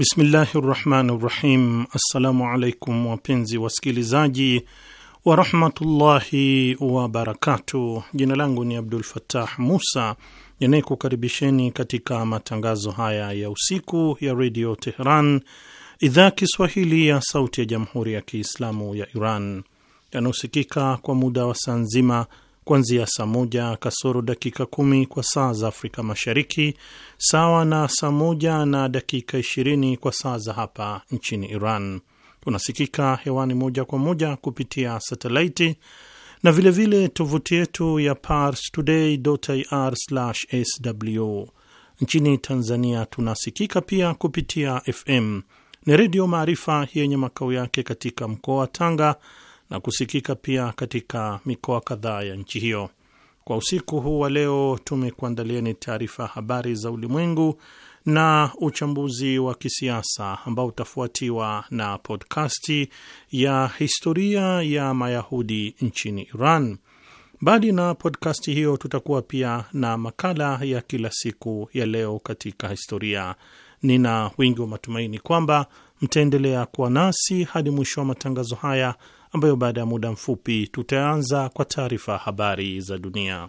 Bismillahi rahmani rahim. Assalamu alaikum wapenzi wasikilizaji warahmatullahi wabarakatuh. Jina langu ni Abdul fatah Musa ninayekukaribisheni katika matangazo haya ya usiku ya redio Teheran, idhaa ya Kiswahili ya sauti ya jamhuri ya Kiislamu ya Iran yanayosikika kwa muda wa saa nzima kuanzia saa moja kasoro dakika kumi kwa saa za Afrika Mashariki, sawa na saa moja na dakika ishirini kwa saa za hapa nchini Iran. Tunasikika hewani moja kwa moja kupitia satelaiti na vilevile tovuti yetu ya parstoday.ir/sw. Nchini Tanzania tunasikika pia kupitia FM ni Redio Maarifa yenye makao yake katika mkoa wa Tanga na kusikika pia katika mikoa kadhaa ya nchi hiyo. Kwa usiku huu wa leo tumekuandalia ni taarifa habari za ulimwengu na uchambuzi wa kisiasa ambao utafuatiwa na podkasti ya historia ya Mayahudi nchini Iran. Mbali na podkasti hiyo, tutakuwa pia na makala ya kila siku ya leo katika historia. Nina wingi wa matumaini kwamba mtaendelea kuwa nasi hadi mwisho wa matangazo haya ambayo baada ya muda mfupi tutaanza kwa taarifa habari za dunia.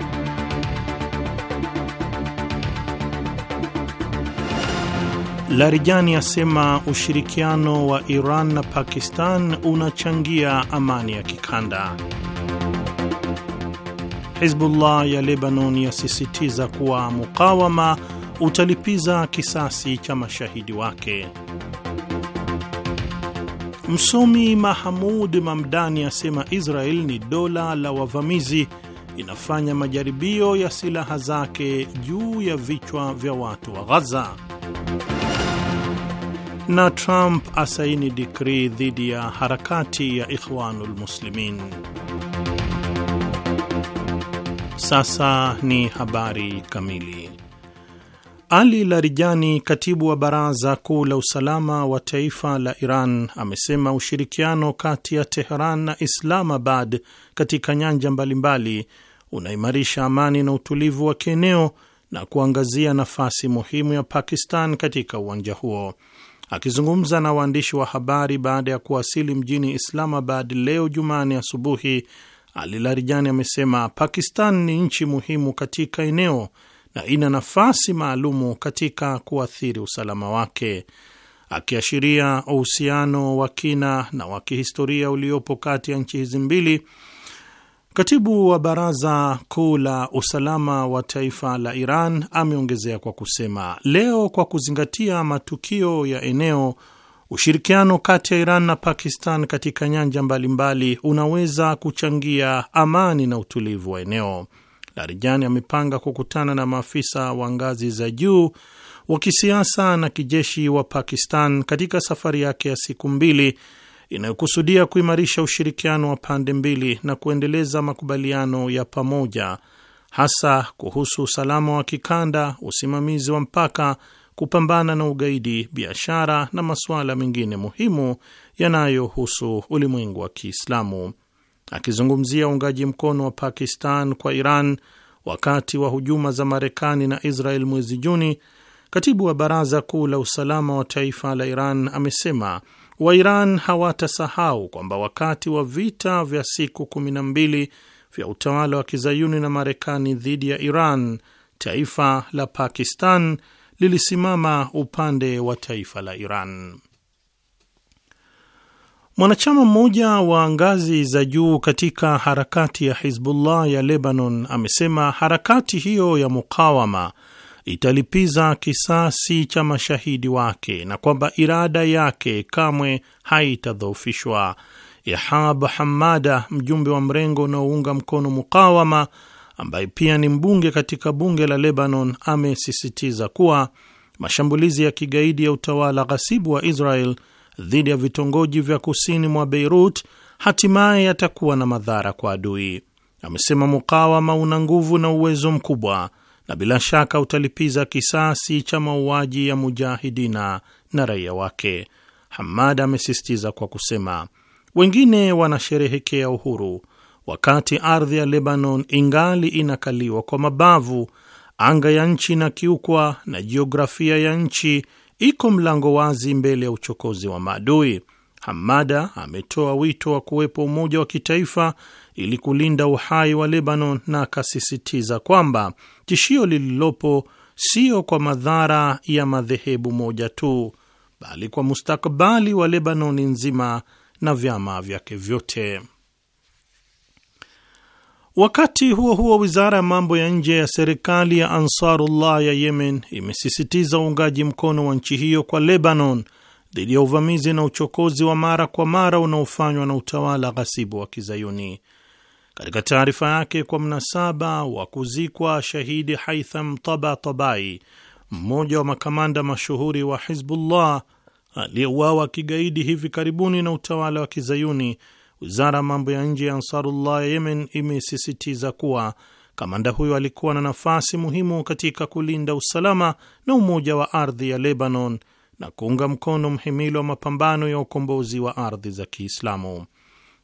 Larijani asema ushirikiano wa Iran na Pakistan unachangia amani ya kikanda. Hizbullah ya Lebanon yasisitiza kuwa mukawama utalipiza kisasi cha mashahidi wake. Msomi Mahamud Mamdani asema Israel ni dola la wavamizi, inafanya majaribio ya silaha zake juu ya vichwa vya watu wa Ghaza na Trump asaini dikri dhidi ya harakati ya Ikhwanul Muslimin. Sasa ni habari kamili. Ali Larijani, katibu wa baraza kuu la usalama wa taifa la Iran, amesema ushirikiano kati ya Teheran na Islamabad katika nyanja mbalimbali unaimarisha amani na utulivu wa kieneo na kuangazia nafasi muhimu ya Pakistan katika uwanja huo. Akizungumza na waandishi wa habari baada ya kuwasili mjini Islamabad leo Jumane asubuhi, Ali Larijani amesema Pakistan ni nchi muhimu katika eneo na ina nafasi maalumu katika kuathiri usalama wake, akiashiria uhusiano wa kina na wa kihistoria uliopo kati ya nchi hizi mbili. Katibu wa Baraza Kuu la Usalama wa Taifa la Iran ameongezea kwa kusema, leo kwa kuzingatia matukio ya eneo, ushirikiano kati ya Iran na Pakistan katika nyanja mbalimbali unaweza kuchangia amani na utulivu wa eneo. Larijani amepanga kukutana na maafisa wa ngazi za juu wa kisiasa na kijeshi wa Pakistan katika safari yake ya siku mbili inayokusudia kuimarisha ushirikiano wa pande mbili na kuendeleza makubaliano ya pamoja hasa kuhusu usalama wa kikanda, usimamizi wa mpaka, kupambana na ugaidi, biashara na masuala mengine muhimu yanayohusu ulimwengu wa Kiislamu. Akizungumzia uungaji mkono wa Pakistan kwa Iran wakati wa hujuma za Marekani na Israel mwezi Juni, katibu wa Baraza Kuu la Usalama wa Taifa la Iran amesema Wairan hawatasahau kwamba wakati wa vita vya siku 12 vya utawala wa kizayuni na Marekani dhidi ya Iran, taifa la Pakistan lilisimama upande wa taifa la Iran. Mwanachama mmoja wa ngazi za juu katika harakati ya Hizbullah ya Lebanon amesema harakati hiyo ya mukawama italipiza kisasi cha mashahidi wake na kwamba irada yake kamwe haitadhoofishwa. Ihab Hamada, mjumbe wa mrengo unaounga mkono mukawama, ambaye pia ni mbunge katika bunge la Lebanon, amesisitiza kuwa mashambulizi ya kigaidi ya utawala ghasibu wa Israel dhidi ya vitongoji vya kusini mwa Beirut hatimaye yatakuwa na madhara kwa adui. Amesema mukawama una nguvu na uwezo mkubwa na bila shaka utalipiza kisasi cha mauaji ya mujahidina na raia wake. Hamad amesisitiza kwa kusema, wengine wanasherehekea uhuru wakati ardhi ya Lebanon ingali inakaliwa kwa mabavu, anga ya nchi inakiukwa na jiografia ya nchi iko mlango wazi mbele ya uchokozi wa maadui. Hamada ametoa wito wa kuwepo umoja wa kitaifa ili kulinda uhai wa Lebanon, na akasisitiza kwamba tishio lililopo sio kwa madhara ya madhehebu moja tu, bali kwa mustakabali wa Lebanoni nzima na vyama vyake vyote. Wakati huo huo, wizara ya mambo ya nje ya serikali ya Ansarullah ya Yemen imesisitiza uungaji mkono wa nchi hiyo kwa Lebanon dhidi ya uvamizi na uchokozi wa mara kwa mara unaofanywa na utawala ghasibu wa Kizayuni. Katika taarifa yake kwa mnasaba wa kuzikwa shahidi Haitham Tabatabai, mmoja wa makamanda mashuhuri wa Hizbullah aliyeuawa kigaidi hivi karibuni na utawala wa Kizayuni, wizara ya mambo ya nje ya Ansarullah ya Yemen imesisitiza kuwa kamanda huyo alikuwa na nafasi muhimu katika kulinda usalama na umoja wa ardhi ya Lebanon na kuunga mkono mhimili wa mapambano ya ukombozi wa ardhi za Kiislamu.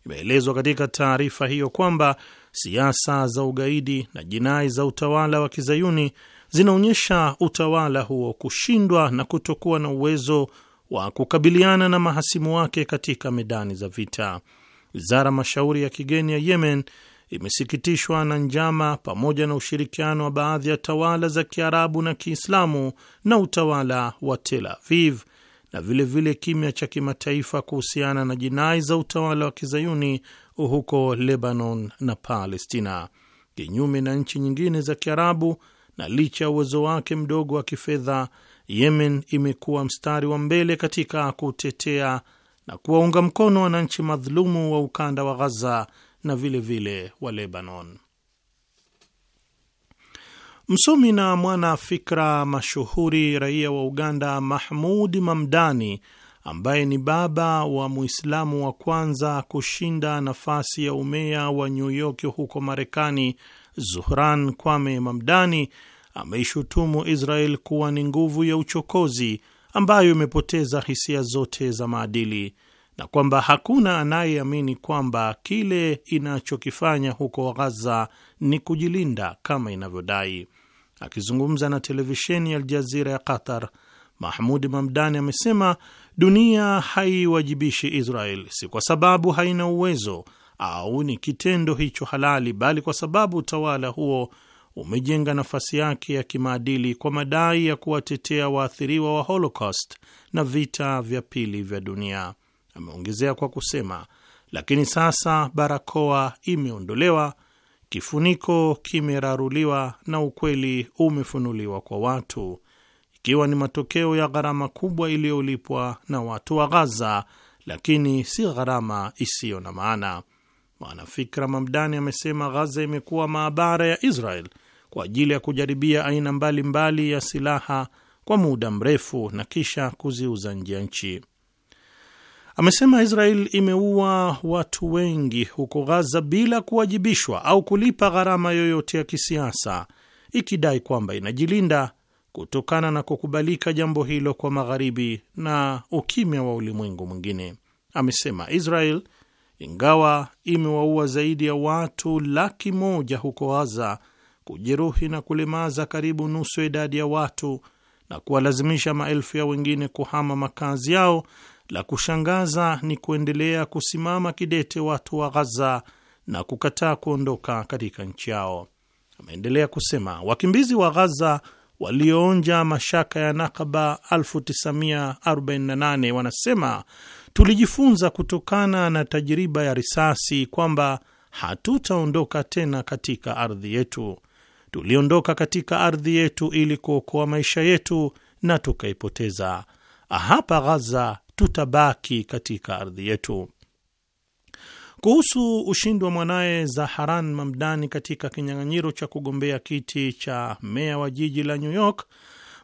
Imeelezwa katika taarifa hiyo kwamba siasa za ugaidi na jinai za utawala wa kizayuni zinaonyesha utawala huo kushindwa na kutokuwa na uwezo wa kukabiliana na mahasimu wake katika medani za vita. Wizara mashauri ya kigeni ya Yemen imesikitishwa na njama pamoja na ushirikiano wa baadhi ya tawala za Kiarabu na Kiislamu na utawala wa Tel Aviv na vilevile kimya cha kimataifa kuhusiana na jinai za utawala wa kizayuni huko Lebanon na Palestina, kinyume na nchi nyingine za Kiarabu. Na licha ya uwezo wake mdogo wa kifedha, Yemen imekuwa mstari wa mbele katika kutetea na kuwaunga mkono wananchi madhulumu wa ukanda wa Ghaza na vilevile vile wa Lebanon. Msomi na mwana fikra mashuhuri raia wa Uganda Mahmud Mamdani, ambaye ni baba wa Muislamu wa kwanza kushinda nafasi ya umeya wa New York huko Marekani, Zuhran Kwame Mamdani, ameishutumu Israel kuwa ni nguvu ya uchokozi ambayo imepoteza hisia zote za maadili na kwamba hakuna anayeamini kwamba kile inachokifanya huko Ghaza ni kujilinda kama inavyodai. Akizungumza na televisheni ya Aljazira ya Qatar, Mahmud Mamdani amesema dunia haiwajibishi Israel si kwa sababu haina uwezo au ni kitendo hicho halali, bali kwa sababu utawala huo umejenga nafasi yake ya kimaadili kwa madai ya kuwatetea waathiriwa wa Holocaust na vita vya pili vya dunia. Ameongezea kwa kusema, lakini sasa barakoa imeondolewa kifuniko kimeraruliwa na ukweli umefunuliwa kwa watu, ikiwa ni matokeo ya gharama kubwa iliyolipwa na watu wa Ghaza, lakini si gharama isiyo na maana. Mwanafikra Mamdani amesema Ghaza imekuwa maabara ya Israel kwa ajili ya kujaribia aina mbalimbali mbali ya silaha kwa muda mrefu na kisha kuziuza nje ya nchi amesema Israel imeua watu wengi huko Ghaza bila kuwajibishwa au kulipa gharama yoyote ya kisiasa, ikidai kwamba inajilinda kutokana na kukubalika jambo hilo kwa magharibi na ukimya wa ulimwengu mwingine. Amesema Israel ingawa imewaua zaidi ya watu laki moja huko Ghaza, kujeruhi na kulemaza karibu nusu ya idadi ya watu na kuwalazimisha maelfu ya wengine kuhama makazi yao la kushangaza ni kuendelea kusimama kidete watu wa Ghaza na kukataa kuondoka katika nchi yao. Ameendelea kusema wakimbizi wa Ghaza walioonja mashaka ya Nakaba 1948 wanasema tulijifunza kutokana na tajiriba ya risasi kwamba hatutaondoka tena katika ardhi yetu. Tuliondoka katika ardhi yetu ili kuokoa maisha yetu na tukaipoteza. Hapa Ghaza tutabaki katika ardhi yetu. Kuhusu ushindi wa mwanaye Zaharan Mamdani katika kinyang'anyiro cha kugombea kiti cha meya wa jiji la New York,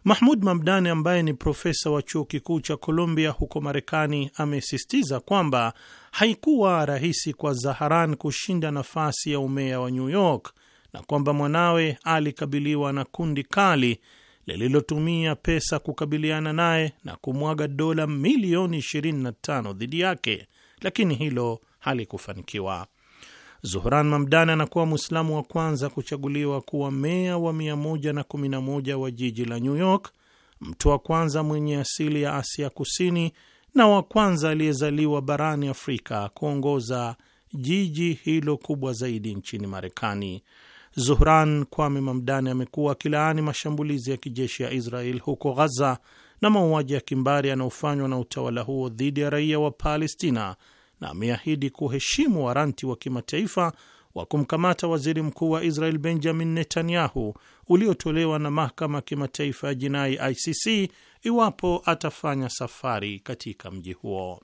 Mahmud Mamdani ambaye ni profesa wa chuo kikuu cha Columbia huko Marekani amesisitiza kwamba haikuwa rahisi kwa Zaharan kushinda nafasi ya umeya wa New York na kwamba mwanawe alikabiliwa na kundi kali lililotumia pesa kukabiliana naye na kumwaga dola milioni 25 dhidi yake, lakini hilo halikufanikiwa. Zuhran Mamdani anakuwa Mwislamu wa kwanza kuchaguliwa kuwa meya wa 111 wa jiji la New York, mtu wa kwanza mwenye asili ya Asia Kusini na wa kwanza aliyezaliwa barani Afrika kuongoza jiji hilo kubwa zaidi nchini Marekani. Zuhran Kwame Mamdani amekuwa akilaani mashambulizi ya kijeshi ya Israel huko Ghaza na mauaji ya kimbari yanayofanywa na utawala huo dhidi ya raia wa Palestina na ameahidi kuheshimu waranti wa kimataifa wa kumkamata waziri mkuu wa Israel Benjamin Netanyahu uliotolewa na mahakama ya kimataifa ya jinai ICC iwapo atafanya safari katika mji huo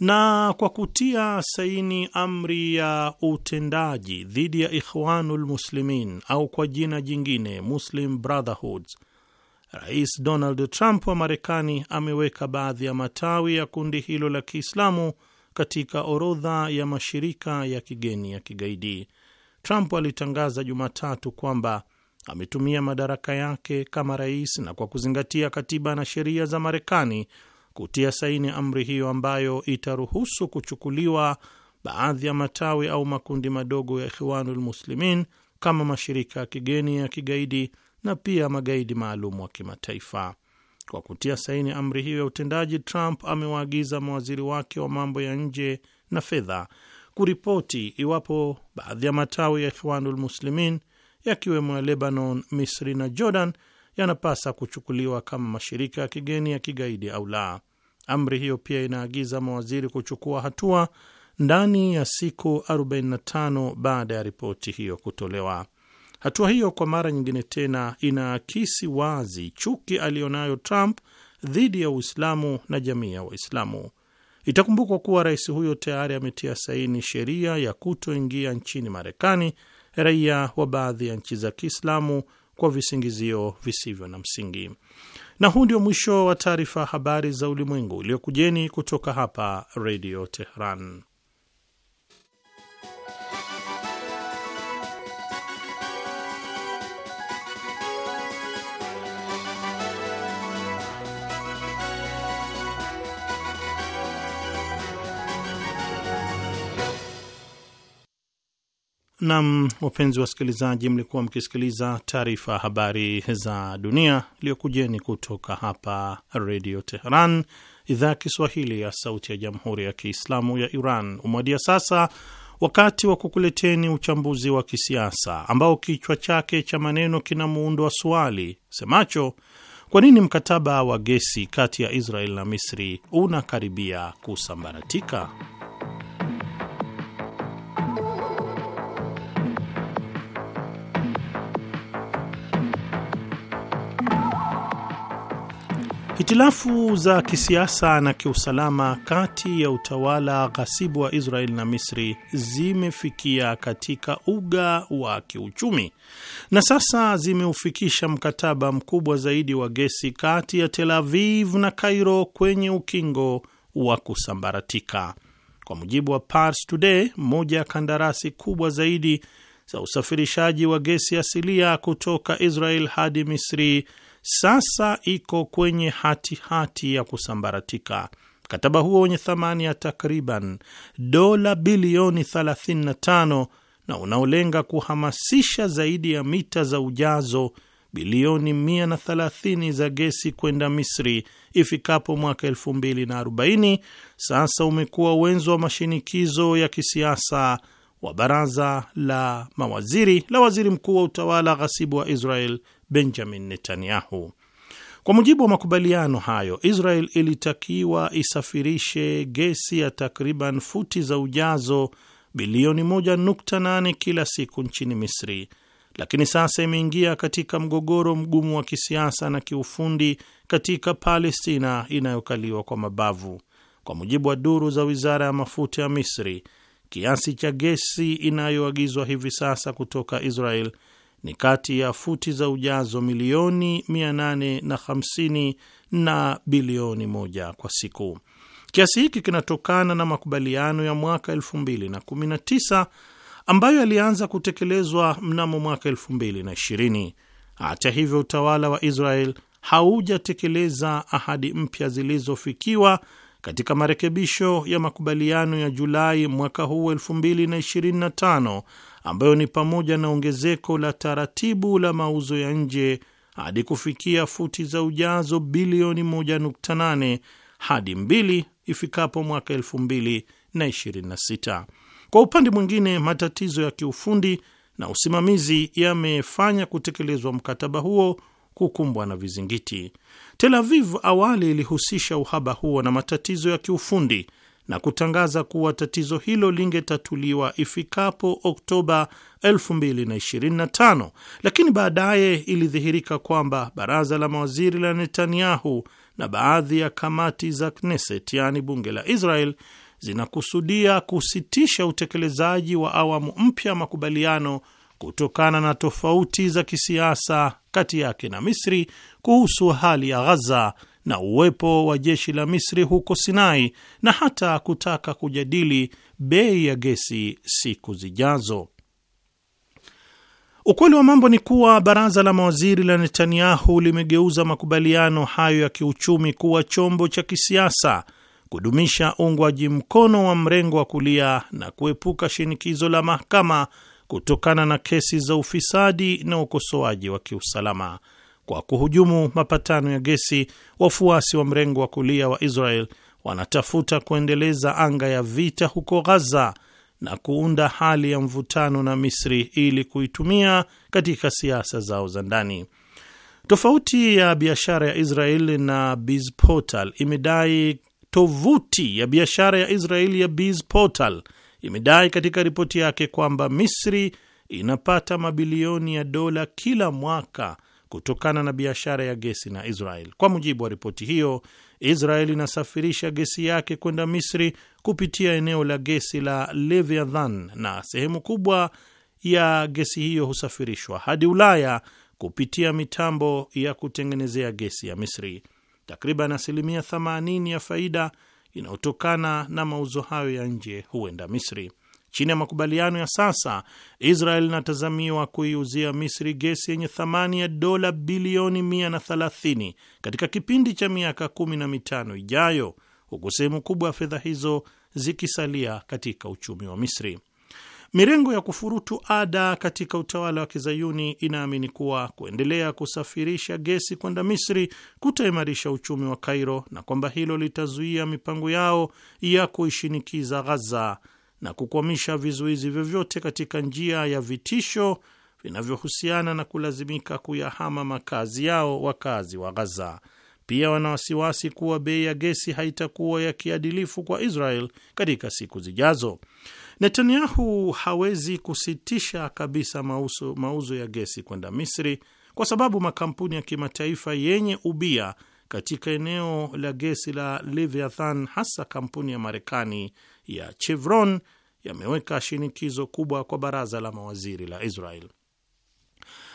na kwa kutia saini amri ya utendaji dhidi ya Ikhwanul Muslimin au kwa jina jingine Muslim brotherhoods Rais Donald Trump wa Marekani ameweka baadhi ya matawi ya kundi hilo la Kiislamu katika orodha ya mashirika ya kigeni ya kigaidi. Trump alitangaza Jumatatu kwamba ametumia madaraka yake kama rais na kwa kuzingatia katiba na sheria za Marekani kutia saini amri hiyo ambayo itaruhusu kuchukuliwa baadhi ya matawi au makundi madogo ya Ikhwanul Muslimin kama mashirika ya kigeni ya kigaidi na pia magaidi maalum wa kimataifa. Kwa kutia saini amri hiyo ya utendaji, Trump amewaagiza mawaziri wake wa mambo ya nje na fedha kuripoti iwapo baadhi ya matawi ya Ikhwanul Muslimin yakiwemo ya Lebanon, Misri na Jordan yanapasa kuchukuliwa kama mashirika ya kigeni ya kigaidi au la. Amri hiyo pia inaagiza mawaziri kuchukua hatua ndani ya siku 45 baada ya ripoti hiyo kutolewa. Hatua hiyo kwa mara nyingine tena inaakisi wazi chuki aliyonayo Trump dhidi ya Uislamu na jamii ya Waislamu. Itakumbukwa kuwa rais huyo tayari ametia saini sheria ya kutoingia nchini Marekani raia wa baadhi ya nchi za Kiislamu kwa visingizio visivyo na msingi. Na huu ndio mwisho wa taarifa habari za ulimwengu iliyokujeni kutoka hapa Redio Tehran. Nam, wapenzi wasikilizaji, mlikuwa mkisikiliza taarifa ya habari za dunia iliyokujeni kutoka hapa Redio Teheran, idhaa ya Kiswahili ya sauti ya jamhuri ya Kiislamu ya Iran. Umewadia sasa wakati wa kukuleteni uchambuzi wa kisiasa ambao kichwa chake cha maneno kina muundo wa swali semacho, kwa nini mkataba wa gesi kati ya Israel na Misri unakaribia kusambaratika? Hitilafu za kisiasa na kiusalama kati ya utawala ghasibu wa Israel na Misri zimefikia katika uga wa kiuchumi na sasa zimeufikisha mkataba mkubwa zaidi wa gesi kati ya Tel Aviv na Cairo kwenye ukingo wa kusambaratika. Kwa mujibu wa Pars Today, moja ya kandarasi kubwa zaidi za usafirishaji wa gesi asilia kutoka Israel hadi Misri sasa iko kwenye hatihati hati ya kusambaratika. Mkataba huo wenye thamani ya takriban dola bilioni 35 na unaolenga kuhamasisha zaidi ya mita za ujazo bilioni 130 za gesi kwenda Misri ifikapo mwaka 2040 sasa umekuwa wenzo wa mashinikizo ya kisiasa wa baraza la mawaziri la waziri mkuu wa utawala ghasibu wa Israel Benjamin Netanyahu. Kwa mujibu wa makubaliano hayo, Israel ilitakiwa isafirishe gesi ya takriban futi za ujazo bilioni 1.8 kila siku nchini Misri, lakini sasa imeingia katika mgogoro mgumu wa kisiasa na kiufundi katika Palestina inayokaliwa kwa mabavu. Kwa mujibu wa duru za wizara ya mafuta ya Misri, kiasi cha gesi inayoagizwa hivi sasa kutoka Israel ni kati ya futi za ujazo milioni 850 na, na bilioni moja kwa siku. Kiasi hiki kinatokana na makubaliano ya mwaka 2019 ambayo yalianza kutekelezwa mnamo mwaka 2020. Hata hivyo, utawala wa Israel haujatekeleza ahadi mpya zilizofikiwa katika marekebisho ya makubaliano ya Julai mwaka huu 2025 ambayo ni pamoja na ongezeko la taratibu la mauzo ya nje hadi kufikia futi za ujazo bilioni 1.8 hadi 2 ifikapo mwaka 2026. Kwa upande mwingine, matatizo ya kiufundi na usimamizi yamefanya kutekelezwa mkataba huo kukumbwa na vizingiti. Tel Aviv awali ilihusisha uhaba huo na matatizo ya kiufundi na kutangaza kuwa tatizo hilo lingetatuliwa ifikapo Oktoba 2025, lakini baadaye ilidhihirika kwamba baraza la mawaziri la Netanyahu na baadhi ya kamati za Knesset, yaani bunge la Israel, zinakusudia kusitisha utekelezaji wa awamu mpya ya makubaliano kutokana na tofauti za kisiasa kati yake na Misri kuhusu hali ya Ghaza na uwepo wa jeshi la Misri huko Sinai na hata kutaka kujadili bei ya gesi siku zijazo. Ukweli wa mambo ni kuwa baraza la mawaziri la Netanyahu limegeuza makubaliano hayo ya kiuchumi kuwa chombo cha kisiasa kudumisha uungwaji mkono wa mrengo wa kulia na kuepuka shinikizo la mahakama kutokana na kesi za ufisadi na ukosoaji wa kiusalama kwa kuhujumu mapatano ya gesi, wafuasi wa mrengo wa kulia wa Israel wanatafuta kuendeleza anga ya vita huko Ghaza na kuunda hali ya mvutano na Misri ili kuitumia katika siasa zao za ndani. Tofauti ya biashara ya Israel na BizPortal imedai tovuti ya biashara ya Israel ya BizPortal imedai katika ripoti yake kwamba Misri inapata mabilioni ya dola kila mwaka kutokana na biashara ya gesi na Israel. Kwa mujibu wa ripoti hiyo, Israel inasafirisha gesi yake kwenda Misri kupitia eneo la gesi la Leviathan na sehemu kubwa ya gesi hiyo husafirishwa hadi Ulaya kupitia mitambo ya kutengenezea gesi ya Misri. Takriban asilimia 80 ya faida inayotokana na mauzo hayo ya nje huenda Misri. Chini ya makubaliano ya sasa, Israel inatazamiwa kuiuzia Misri gesi yenye thamani ya dola bilioni 130 katika kipindi cha miaka kumi na mitano ijayo, huku sehemu kubwa ya fedha hizo zikisalia katika uchumi wa Misri. Mirengo ya kufurutu ada katika utawala wa kizayuni inaamini kuwa kuendelea kusafirisha gesi kwenda Misri kutaimarisha uchumi wa Kairo na kwamba hilo litazuia mipango yao ya kuishinikiza Ghaza na kukwamisha vizuizi vyovyote katika njia ya vitisho vinavyohusiana na kulazimika kuyahama makazi yao wakazi wa Gaza. Pia wana wasiwasi kuwa bei ya gesi haitakuwa ya kiadilifu kwa Israel katika siku zijazo. Netanyahu hawezi kusitisha kabisa mauzo, mauzo ya gesi kwenda Misri kwa sababu makampuni ya kimataifa yenye ubia katika eneo la gesi la Leviathan, hasa kampuni ya Marekani ya Chevron yameweka shinikizo kubwa kwa baraza la mawaziri la Israel.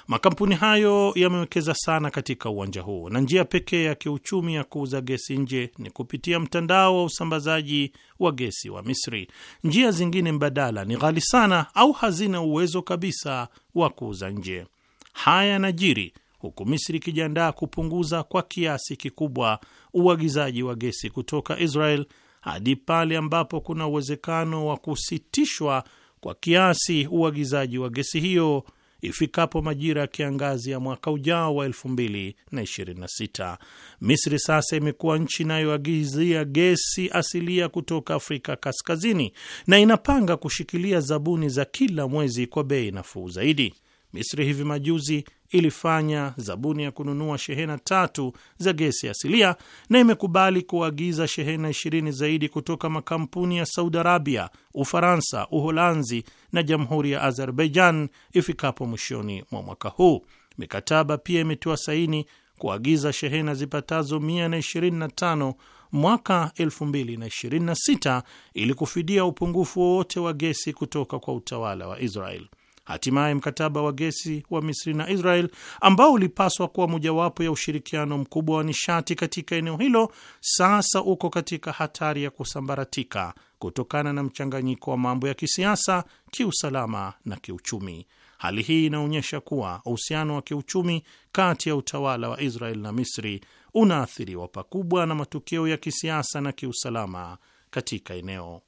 Makampuni hayo yamewekeza sana katika uwanja huo na njia pekee ya kiuchumi ya kuuza gesi nje ni kupitia mtandao wa usambazaji wa gesi wa Misri. Njia zingine mbadala ni ghali sana au hazina uwezo kabisa wa kuuza nje. Haya yanajiri huku Misri ikijiandaa kupunguza kwa kiasi kikubwa uagizaji wa gesi kutoka Israel hadi pale ambapo kuna uwezekano wa kusitishwa kwa kiasi uagizaji wa gesi hiyo ifikapo majira ya kiangazi ya mwaka ujao wa 2026. Misri sasa imekuwa nchi inayoagizia gesi asilia kutoka Afrika Kaskazini na inapanga kushikilia zabuni za kila mwezi kwa bei nafuu zaidi. Misri hivi majuzi ilifanya zabuni ya kununua shehena tatu za gesi asilia na imekubali kuagiza shehena ishirini zaidi kutoka makampuni ya Saudi Arabia, Ufaransa, Uholanzi na jamhuri ya Azerbaijan ifikapo mwishoni mwa mwaka huu. Mikataba pia imetiwa saini kuagiza shehena zipatazo 125 mwaka 2026 ili kufidia upungufu wowote wa gesi kutoka kwa utawala wa Israel. Hatimaye mkataba wa gesi wa Misri na Israel ambao ulipaswa kuwa mojawapo ya ushirikiano mkubwa wa nishati katika eneo hilo sasa uko katika hatari ya kusambaratika kutokana na mchanganyiko wa mambo ya kisiasa, kiusalama na kiuchumi. Hali hii inaonyesha kuwa uhusiano wa kiuchumi kati ya utawala wa Israel na Misri unaathiriwa pakubwa na matukio ya kisiasa na kiusalama katika eneo.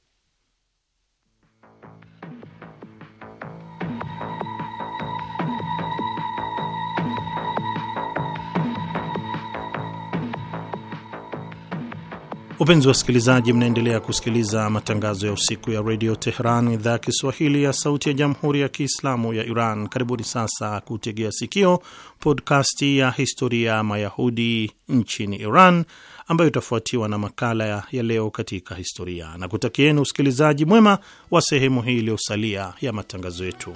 Upenzi wa wasikilizaji, mnaendelea kusikiliza matangazo ya usiku ya redio Teheran, idhaa ya Kiswahili ya sauti ya jamhuri ya kiislamu ya Iran. Karibuni sasa kutegea sikio podkasti ya historia ya Mayahudi nchini Iran, ambayo itafuatiwa na makala ya leo katika historia, na kutakieni usikilizaji mwema wa sehemu hii iliyosalia ya matangazo yetu.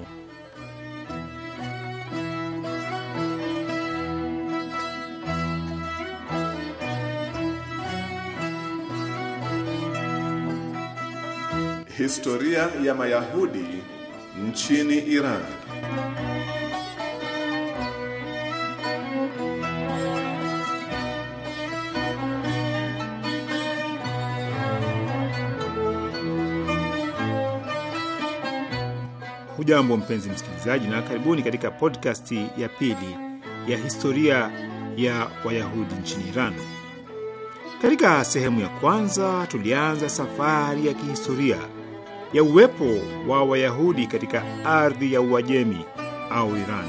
Historia ya Mayahudi nchini Iran. Hujambo mpenzi msikilizaji, na karibuni katika podcast ya pili ya historia ya Wayahudi nchini Iran. Katika sehemu ya kwanza tulianza safari ya kihistoria ya uwepo wa Wayahudi katika ardhi ya Uajemi au Iran.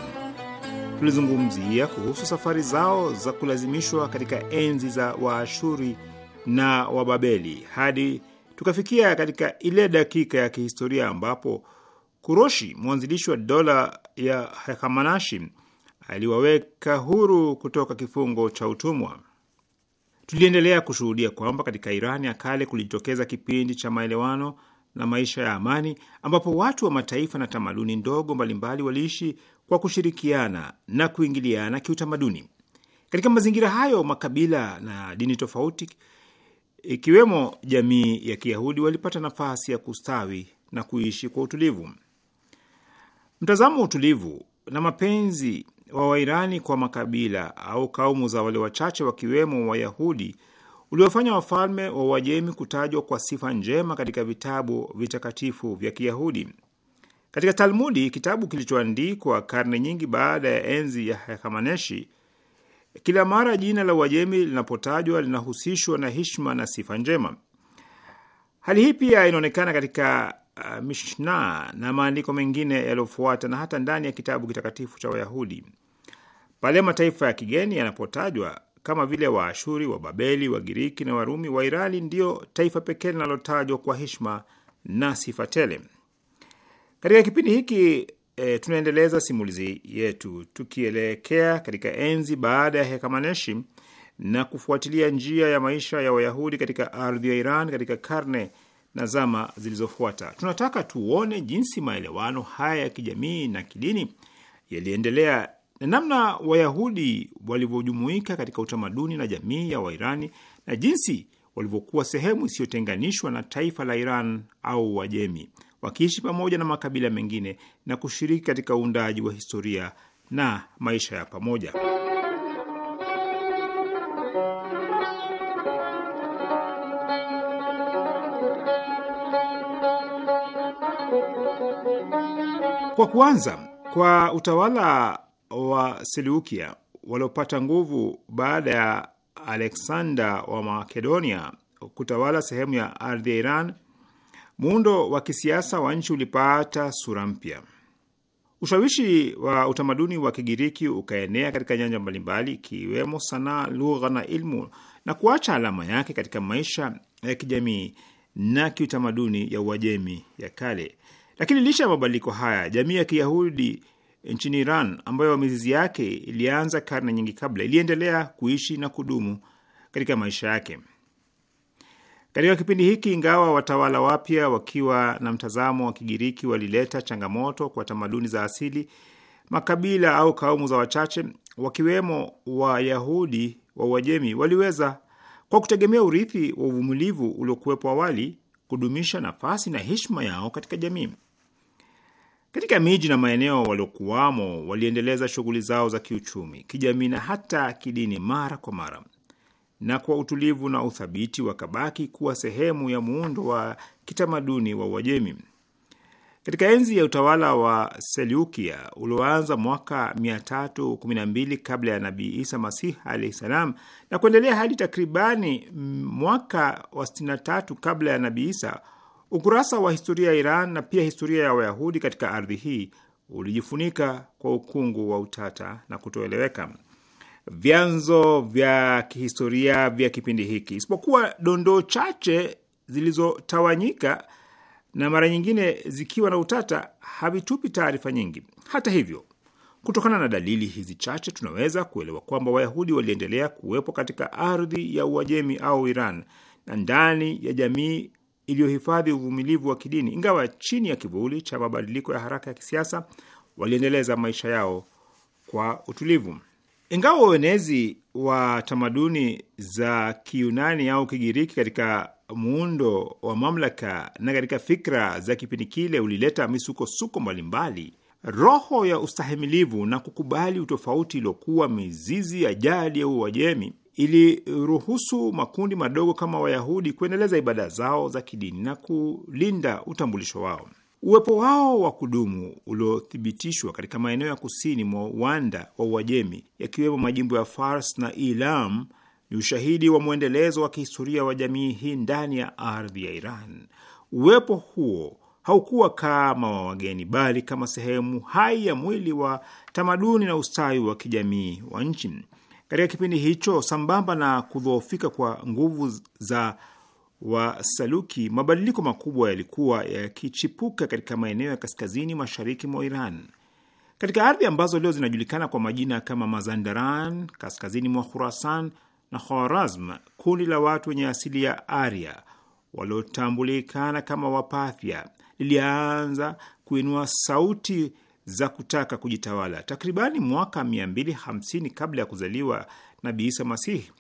Tulizungumzia kuhusu safari zao za kulazimishwa katika enzi za Waashuri na Wababeli hadi tukafikia katika ile dakika ya kihistoria ambapo Kuroshi, mwanzilishi wa dola ya Hekamanashi, aliwaweka huru kutoka kifungo cha utumwa. Tuliendelea kushuhudia kwamba katika Irani ya kale kulijitokeza kipindi cha maelewano na maisha ya amani, ambapo watu wa mataifa na tamaduni ndogo mbalimbali waliishi kwa kushirikiana na kuingiliana kiutamaduni. Katika mazingira hayo, makabila na dini tofauti, ikiwemo jamii ya Kiyahudi, walipata nafasi ya kustawi na kuishi kwa utulivu. Mtazamo wa utulivu na mapenzi wa Wairani kwa makabila au kaumu za wale wachache wakiwemo Wayahudi uliofanya wafalme wa Uajemi kutajwa kwa sifa njema katika vitabu vitakatifu vya Kiyahudi. Katika Talmudi, kitabu kilichoandikwa karne nyingi baada ya enzi ya Hekamaneshi, kila mara jina la Uajemi linapotajwa linahusishwa na hishma na sifa njema. Hali hii pia inaonekana katika uh, Mishna na maandiko mengine yaliyofuata na hata ndani ya kitabu kitakatifu cha Wayahudi. Pale mataifa ya kigeni yanapotajwa, kama vile Waashuri, Wababeli, Wagiriki na Warumi, Wairani ndio taifa pekee linalotajwa kwa heshima na sifa tele. Katika kipindi hiki e, tunaendeleza simulizi yetu tukielekea katika enzi baada ya Hekamaneshi na kufuatilia njia ya maisha ya Wayahudi katika ardhi ya Iran katika karne na zama zilizofuata. Tunataka tuone jinsi maelewano haya ya kijamii na kidini yaliendelea na namna Wayahudi walivyojumuika katika utamaduni na jamii ya Wairani na jinsi walivyokuwa sehemu isiyotenganishwa na taifa la Iran au Wajemi, wakiishi pamoja na makabila mengine na kushiriki katika uundaji wa historia na maisha ya pamoja. Kwa kuanza kwa utawala wa Seleukia waliopata nguvu baada ya Alexander wa Makedonia kutawala sehemu ya ardhi ya Iran, muundo wa kisiasa wa nchi ulipata sura mpya. Ushawishi wa utamaduni wa Kigiriki ukaenea katika nyanja mbalimbali, ikiwemo sanaa, lugha na ilmu, na kuacha alama yake katika maisha ya kijamii na kiutamaduni ya Uajemi ya kale. Lakini licha ya mabadiliko haya, jamii ya Kiyahudi nchini Iran ambayo mizizi yake ilianza karne nyingi kabla, iliendelea kuishi na kudumu katika maisha yake. Katika kipindi hiki, ingawa watawala wapya wakiwa na mtazamo wa Kigiriki walileta changamoto kwa tamaduni za asili, makabila au kaumu za wachache wakiwemo Wayahudi wa Uajemi waliweza kwa kutegemea urithi wa uvumilivu uliokuwepo awali kudumisha nafasi na heshima yao katika jamii. Katika miji na maeneo waliokuwamo, waliendeleza shughuli zao za kiuchumi, kijamii na hata kidini mara kwa mara, na kwa utulivu na uthabiti wakabaki kuwa sehemu ya muundo wa kitamaduni wa Uajemi. Katika enzi ya utawala wa Seleukia ulioanza mwaka 312 kabla ya Nabii Isa Masih alahi salam na kuendelea hadi takribani mwaka wa 63 kabla ya Nabii Isa, Ukurasa wa historia ya Iran na pia historia ya Wayahudi katika ardhi hii ulijifunika kwa ukungu wa utata na kutoeleweka. Vyanzo vya kihistoria vya kipindi hiki, isipokuwa dondoo chache zilizotawanyika na mara nyingine zikiwa na utata, havitupi taarifa nyingi. Hata hivyo, kutokana na dalili hizi chache, tunaweza kuelewa kwamba Wayahudi waliendelea kuwepo katika ardhi ya Uajemi au Iran na ndani ya jamii iliyohifadhi uvumilivu wa kidini. Ingawa chini ya kivuli cha mabadiliko ya haraka ya kisiasa, waliendeleza maisha yao kwa utulivu. Ingawa uenezi wa tamaduni za Kiyunani au Kigiriki katika muundo wa mamlaka na katika fikra za kipindi kile ulileta misukosuko mbalimbali, roho ya ustahimilivu na kukubali utofauti iliokuwa mizizi ya jadi ya Uajemi iliruhusu makundi madogo kama Wayahudi kuendeleza ibada zao za kidini na kulinda utambulisho wao. Uwepo wao wa kudumu uliothibitishwa katika maeneo ya kusini mwa uwanda wa Uajemi, yakiwemo majimbo ya Fars na Ilam, ni ushahidi wa mwendelezo wa kihistoria wa jamii hii ndani ya ardhi ya Iran. Uwepo huo haukuwa kama wa wageni, bali kama sehemu hai ya mwili wa tamaduni na ustawi wa kijamii wa nchi. Katika kipindi hicho, sambamba na kudhoofika kwa nguvu za Wasaluki, mabadiliko makubwa yalikuwa yakichipuka katika maeneo ya kaskazini mashariki mwa Iran, katika ardhi ambazo leo zinajulikana kwa majina kama Mazandaran, kaskazini mwa Khurasan na Khwarazm. Kundi la watu wenye asili ya Aria waliotambulikana kama Wapathia lilianza kuinua sauti za kutaka kujitawala. Takribani mwaka 250 kabla ya kuzaliwa Nabii Isa Masihi,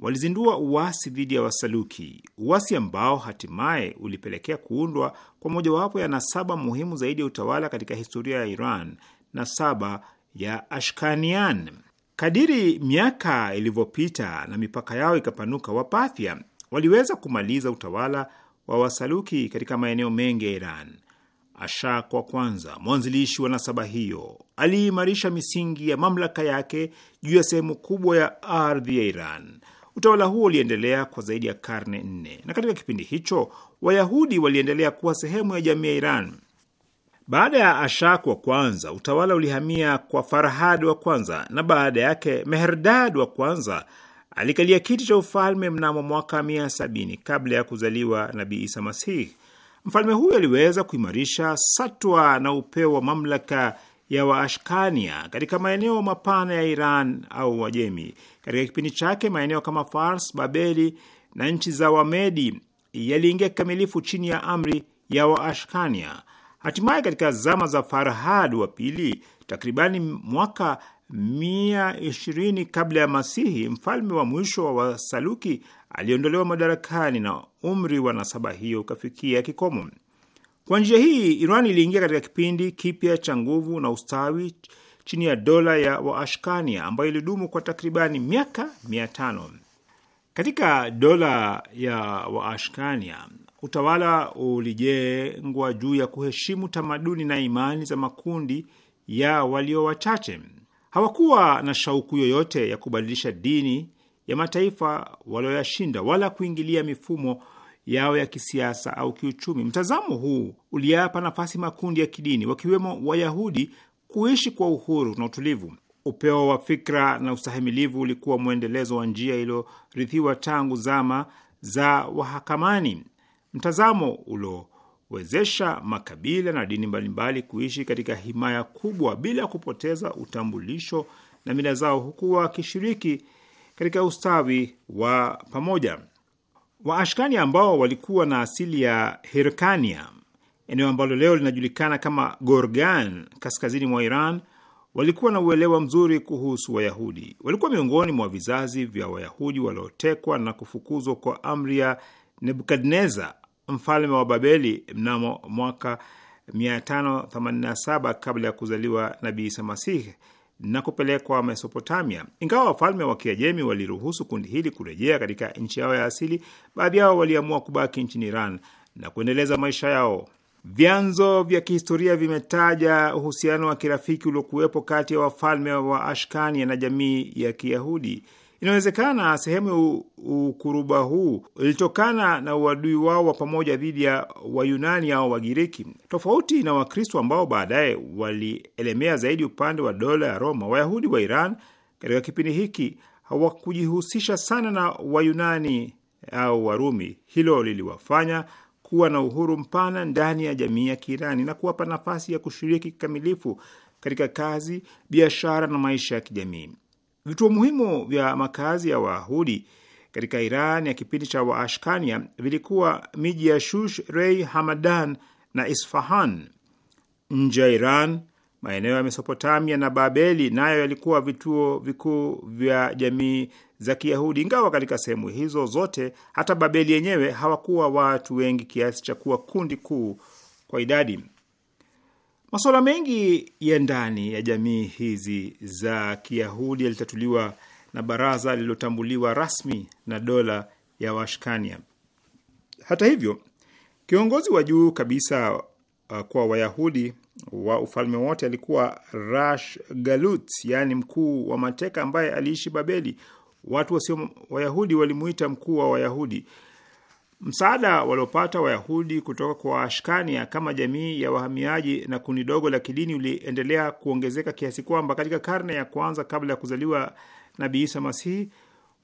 walizindua uasi dhidi ya Wasaluki, uasi ambao hatimaye ulipelekea kuundwa kwa mojawapo ya nasaba muhimu zaidi ya utawala katika historia ya Iran, nasaba ya Ashkanian. Kadiri miaka ilivyopita na mipaka yao ikapanuka, Wapathia waliweza kumaliza utawala wa Wasaluki katika maeneo mengi ya Iran. Ashakwa kwanza, mwanzilishi wa nasaba hiyo, aliimarisha misingi ya mamlaka yake juu ya sehemu kubwa ya ardhi ya Iran. Utawala huo uliendelea kwa zaidi ya karne nne, na katika kipindi hicho Wayahudi waliendelea kuwa sehemu ya jamii ya Iran. Baada ya Ashak wa kwanza, utawala ulihamia kwa Farhad wa kwanza, na baada yake Meherdad wa kwanza alikalia kiti cha ufalme mnamo mwaka 170 kabla ya kuzaliwa Nabii Isa Masihi. Mfalme huyo aliweza kuimarisha satwa na upeo wa mamlaka ya Waashkania katika maeneo mapana ya Iran au Wajemi. Katika kipindi chake maeneo kama Fars, Babeli na nchi za Wamedi yaliingia kikamilifu chini ya amri ya Waashkania. Hatimaye katika zama za Farhad wa pili, takribani mwaka mia ishirini kabla ya Masihi, mfalme wa mwisho wa Wasaluki aliondolewa madarakani na umri wa nasaba hiyo ukafikia kikomo. Kwa njia hii, Iran iliingia katika kipindi kipya cha nguvu na ustawi chini ya dola ya Waashkania ambayo ilidumu kwa takribani miaka mia tano. Katika dola ya Waashkania utawala ulijengwa juu ya kuheshimu tamaduni na imani za makundi ya walio wachache. Hawakuwa na shauku yoyote ya kubadilisha dini ya mataifa walioyashinda wala kuingilia mifumo yao ya kisiasa au kiuchumi. Mtazamo huu uliyapa nafasi makundi ya kidini, wakiwemo Wayahudi, kuishi kwa uhuru na utulivu. Upeo wa fikra na ustahimilivu ulikuwa mwendelezo wa njia iliyorithiwa tangu zama za wahakamani, mtazamo uliowezesha makabila na dini mbalimbali kuishi katika himaya kubwa bila kupoteza utambulisho na mila zao, huku wakishiriki katika ustawi wa pamoja. Waashkani ambao walikuwa na asili ya Hirkania, eneo ambalo leo linajulikana kama Gorgan, kaskazini mwa Iran, walikuwa na uelewa mzuri kuhusu Wayahudi. Walikuwa miongoni mwa vizazi vya Wayahudi waliotekwa na kufukuzwa kwa amri ya Nebukadneza, mfalme wa Babeli mnamo mwaka 587 kabla ya kuzaliwa Nabii Isa Masihi na kupelekwa Mesopotamia. Ingawa wafalme wa Kiajemi waliruhusu kundi hili kurejea katika nchi yao ya asili, baadhi yao waliamua kubaki nchini Iran na kuendeleza maisha yao. Vyanzo vya kihistoria vimetaja uhusiano wa kirafiki uliokuwepo kati ya wafalme wa Ashkania na jamii ya Kiyahudi. Inawezekana sehemu ya ukuruba huu ilitokana na uadui wao wa pamoja dhidi ya Wayunani au Wagiriki. Tofauti na Wakristo ambao baadaye walielemea zaidi upande wa dola ya Roma, Wayahudi wa Iran katika kipindi hiki hawakujihusisha sana na Wayunani au Warumi. Hilo liliwafanya kuwa na uhuru mpana ndani ya jamii ya Kiirani na kuwapa nafasi ya kushiriki kikamilifu katika kazi, biashara na maisha ya kijamii. Vituo muhimu vya makazi ya Wayahudi katika Iran ya kipindi cha Waashkania vilikuwa miji ya Shush, Rei, Hamadan na Isfahan. Nje ya Iran, maeneo ya Mesopotamia na Babeli nayo yalikuwa vituo vikuu vya jamii za Kiyahudi, ingawa katika sehemu hizo zote, hata Babeli yenyewe, hawakuwa watu wengi kiasi cha kuwa kundi kuu kwa idadi. Masuala mengi ya ndani ya jamii hizi za Kiyahudi yalitatuliwa na baraza lililotambuliwa rasmi na dola ya Washkania. Hata hivyo, kiongozi wa juu kabisa uh, kwa Wayahudi wa ufalme wote alikuwa Rash Galut, yaani mkuu wa mateka ambaye aliishi Babeli. Watu wasio Wayahudi walimuita mkuu wa Wayahudi. Msaada waliopata Wayahudi kutoka kwa Ashkania kama jamii ya wahamiaji na kundi dogo la kidini uliendelea kuongezeka kiasi kwamba katika karne ya kwanza kabla ya kuzaliwa Nabii Isa Masihi,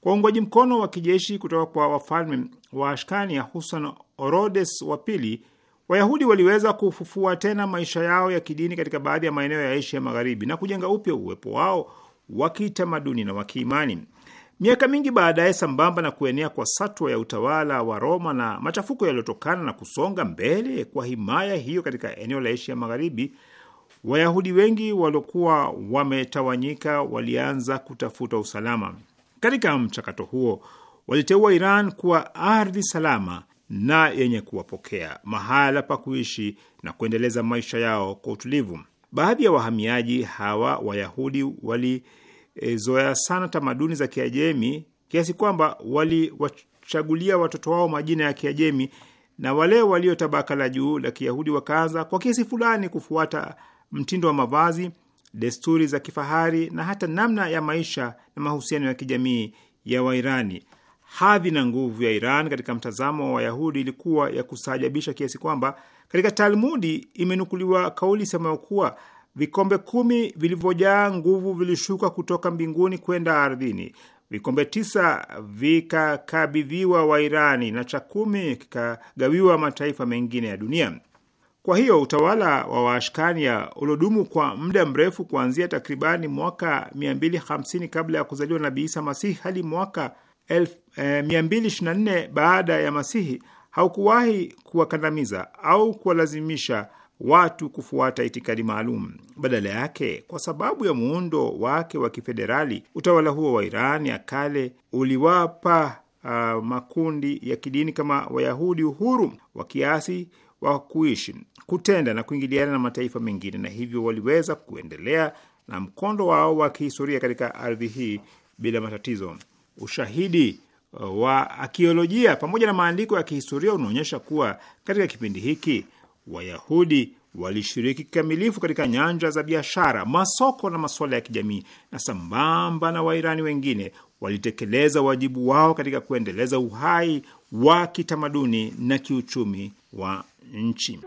kwa uungwaji mkono wa kijeshi kutoka kwa wafalme wa Ashkania, hususan Orodes wa Pili, Wayahudi waliweza kufufua tena maisha yao ya kidini katika baadhi ya maeneo ya Asia Magharibi na kujenga upya uwepo wao wa kitamaduni na wa kiimani. Miaka mingi baadaye, sambamba na kuenea kwa satwa ya utawala wa Roma na machafuko yaliyotokana na kusonga mbele kwa himaya hiyo katika eneo la Asia Magharibi, Wayahudi wengi waliokuwa wametawanyika walianza kutafuta usalama. Katika mchakato huo, waliteua Iran kuwa ardhi salama na yenye kuwapokea, mahala pa kuishi na kuendeleza maisha yao kwa utulivu. Baadhi ya wahamiaji hawa Wayahudi wali e, zoea sana tamaduni za Kiajemi kiasi kwamba waliwachagulia watoto wao majina ya Kiajemi na wale walio tabaka la juu la Kiyahudi wakaanza kwa kiasi fulani kufuata mtindo wa mavazi, desturi za kifahari na hata namna ya maisha na mahusiano ya kijamii ya Wairani. Hadhi na nguvu ya Iran katika mtazamo wa Wayahudi ilikuwa ya kusajabisha kiasi kwamba katika Talmudi imenukuliwa kauli semayo kuwa Vikombe kumi vilivyojaa nguvu vilishuka kutoka mbinguni kwenda ardhini. Vikombe tisa vikakabidhiwa Wairani na cha kumi kikagawiwa mataifa mengine ya dunia. Kwa hiyo utawala wa Waashkania uliodumu kwa muda mrefu kuanzia takribani mwaka 250 kabla ya kuzaliwa Nabii Isa Masihi hadi mwaka 224 eh, baada ya Masihi haukuwahi kuwakandamiza au kuwalazimisha watu kufuata itikadi maalum. Badala yake, kwa sababu ya muundo wake wa kifederali, utawala huo wa Iran ya kale uliwapa uh, makundi ya kidini kama Wayahudi uhuru wa kiasi wa kuishi, kutenda na kuingiliana na mataifa mengine, na hivyo waliweza kuendelea na mkondo wao wa kihistoria katika ardhi hii bila matatizo. Ushahidi uh, wa akiolojia pamoja na maandiko ya kihistoria unaonyesha kuwa katika kipindi hiki Wayahudi walishiriki kikamilifu katika nyanja za biashara, masoko na masuala ya kijamii, na sambamba na Wairani wengine walitekeleza wajibu wao katika kuendeleza uhai wa kitamaduni na kiuchumi wa nchi.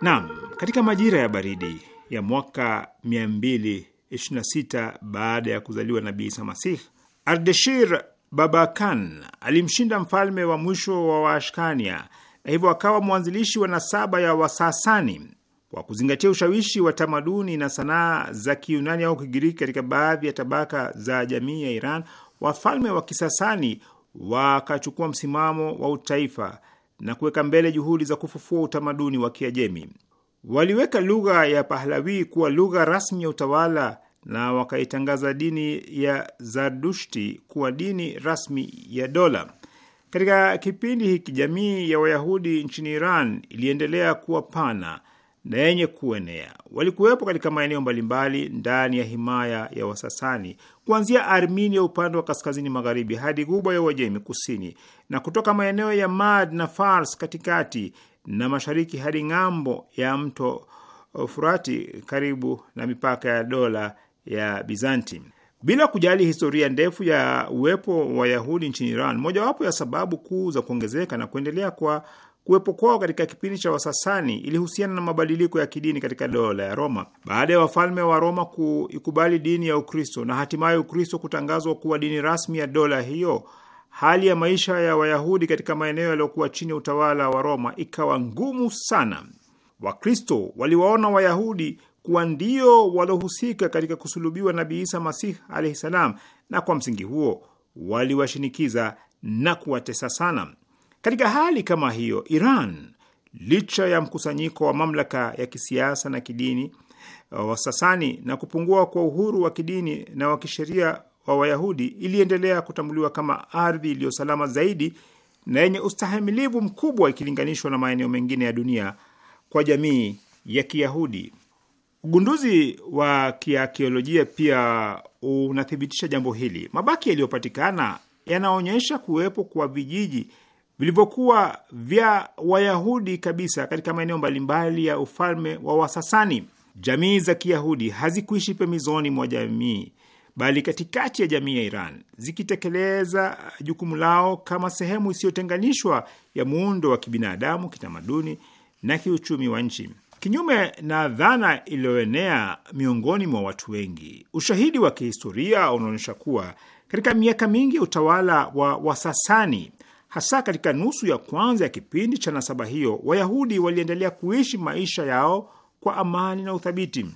Naam, katika majira ya baridi ya mwaka mia mbili 26 baada ya kuzaliwa Nabii Isa Masih, Ardeshir Babakan alimshinda mfalme wa mwisho wa Waashkania na hivyo akawa mwanzilishi wa nasaba ya Wasasani. Kwa kuzingatia ushawishi wa tamaduni na sanaa za kiunani au Kigiriki katika baadhi ya tabaka za jamii ya Iran, wafalme wa Kisasani wakachukua msimamo wa utaifa na kuweka mbele juhudi za kufufua utamaduni wa Kiajemi. Waliweka lugha ya Pahlavi kuwa lugha rasmi ya utawala na wakaitangaza dini ya Zardushti kuwa dini rasmi ya dola. Katika kipindi hiki jamii ya Wayahudi nchini Iran iliendelea kuwa pana na yenye kuenea. Walikuwepo katika maeneo mbalimbali ndani ya himaya ya Wasasani, kuanzia Armenia upande wa kaskazini magharibi hadi Ghuba ya Uajemi kusini, na kutoka maeneo ya Mad na Fars katikati na mashariki hadi ng'ambo ya mto uh, Furati karibu na mipaka ya dola ya Bizanti. Bila kujali historia ndefu ya uwepo wa Wayahudi nchini Iran, mojawapo ya sababu kuu za kuongezeka na kuendelea kwa kuwepo kwao katika kipindi cha Wasasani ilihusiana na mabadiliko ya kidini katika dola ya Roma. Baada ya wafalme wa Roma kuikubali dini ya Ukristo na hatimaye Ukristo kutangazwa kuwa dini rasmi ya dola hiyo, hali ya maisha ya Wayahudi katika maeneo yaliyokuwa chini ya utawala wa Roma ikawa ngumu sana. Wakristo waliwaona Wayahudi kuwa ndio waliohusika katika kusulubiwa Nabii Isa Masih alahi salam, na kwa msingi huo waliwashinikiza na kuwatesa sana. Katika hali kama hiyo, Iran licha ya mkusanyiko wa mamlaka ya kisiasa na kidini uh, Wasasani na kupungua kwa uhuru wa kidini na wa kisheria wa Wayahudi iliendelea kutambuliwa kama ardhi iliyo salama zaidi na yenye ustahimilivu mkubwa ikilinganishwa na maeneo mengine ya dunia kwa jamii ya Kiyahudi. Ugunduzi wa kiakiolojia pia unathibitisha jambo hili. Mabaki yaliyopatikana yanaonyesha kuwepo kwa vijiji vilivyokuwa vya Wayahudi kabisa katika maeneo mbalimbali ya ufalme wa Wasasani. Jamii za Kiyahudi hazikuishi pembezoni mwa jamii bali katikati ya jamii ya Iran, zikitekeleza jukumu lao kama sehemu isiyotenganishwa ya muundo wa kibinadamu, kitamaduni na kiuchumi wa nchi. Kinyume na dhana iliyoenea miongoni mwa watu wengi, ushahidi wa kihistoria unaonyesha kuwa katika miaka mingi ya utawala wa Wasasani, hasa katika nusu ya kwanza ya kipindi cha nasaba hiyo, Wayahudi waliendelea kuishi maisha yao kwa amani na uthabiti.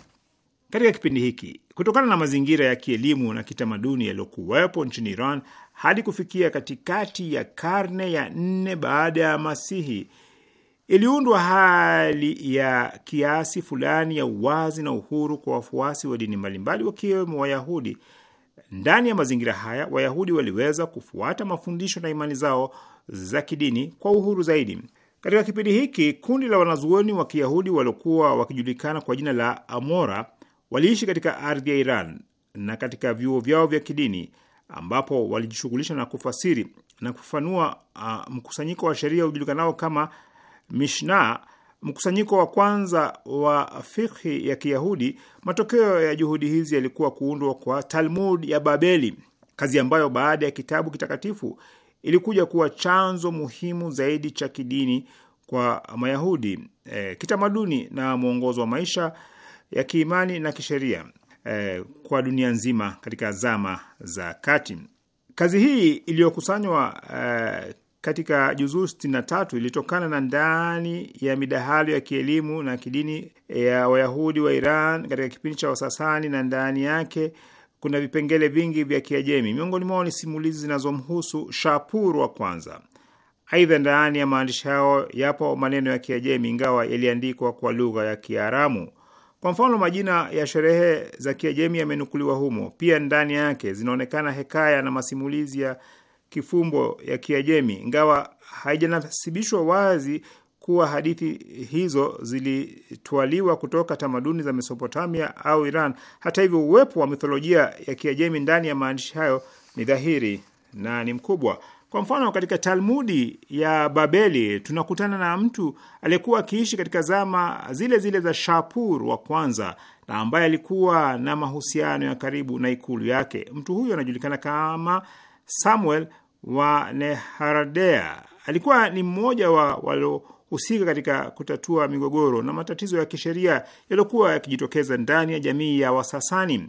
Katika kipindi hiki Kutokana na mazingira ya kielimu na kitamaduni yaliyokuwepo nchini Iran hadi kufikia katikati ya karne ya nne baada ya Masihi, iliundwa hali ya kiasi fulani ya uwazi na uhuru kwa wafuasi wa dini mbalimbali, wakiwemo Wayahudi. Ndani ya mazingira haya, Wayahudi waliweza kufuata mafundisho na imani zao za kidini kwa uhuru zaidi. Katika kipindi hiki, kundi la wanazuoni wa Kiyahudi waliokuwa wakijulikana kwa jina la Amora Waliishi katika ardhi ya Iran na katika vyuo vyao vya kidini ambapo walijishughulisha na kufasiri na kufafanua uh, mkusanyiko wa sheria ujulikanao kama Mishnah, mkusanyiko wa kwanza wa fikhi ya Kiyahudi. Matokeo ya juhudi hizi yalikuwa kuundwa kwa Talmud ya Babeli, kazi ambayo baada ya kitabu kitakatifu ilikuja kuwa chanzo muhimu zaidi cha kidini kwa Mayahudi, e, kitamaduni na mwongozo wa maisha ya kiimani na kisheria eh, kwa dunia nzima katika zama za kati. Kazi hii iliyokusanywa eh, katika juzuu tatu ilitokana na ndani ya midahalo ya kielimu na kidini ya Wayahudi wa Iran katika kipindi cha Wasasani, na ndani yake kuna vipengele vingi vya Kiajemi. Miongoni mwao ni simulizi zinazomhusu Shapur wa kwanza. Aidha, ndani ya maandishi hayo yapo maneno ya Kiajemi, ingawa yaliandikwa kwa lugha ya Kiaramu. Kwa mfano, majina ya sherehe za Kiajemi yamenukuliwa humo. Pia ndani yake zinaonekana hekaya na masimulizi ya kifumbo ya Kiajemi, ingawa haijanasibishwa wazi kuwa hadithi hizo zilitwaliwa kutoka tamaduni za Mesopotamia au Iran. Hata hivyo, uwepo wa mitholojia ya Kiajemi ndani ya maandishi hayo ni dhahiri na ni mkubwa. Kwa mfano, katika Talmudi ya Babeli tunakutana na mtu aliyekuwa akiishi katika zama zile zile za Shapur wa kwanza na ambaye alikuwa na mahusiano ya karibu na ikulu yake. Mtu huyo anajulikana kama Samuel wa Neharadea. Alikuwa ni mmoja wa waliohusika katika kutatua migogoro na matatizo ya kisheria yaliyokuwa yakijitokeza ndani ya jamii ya Wasasani.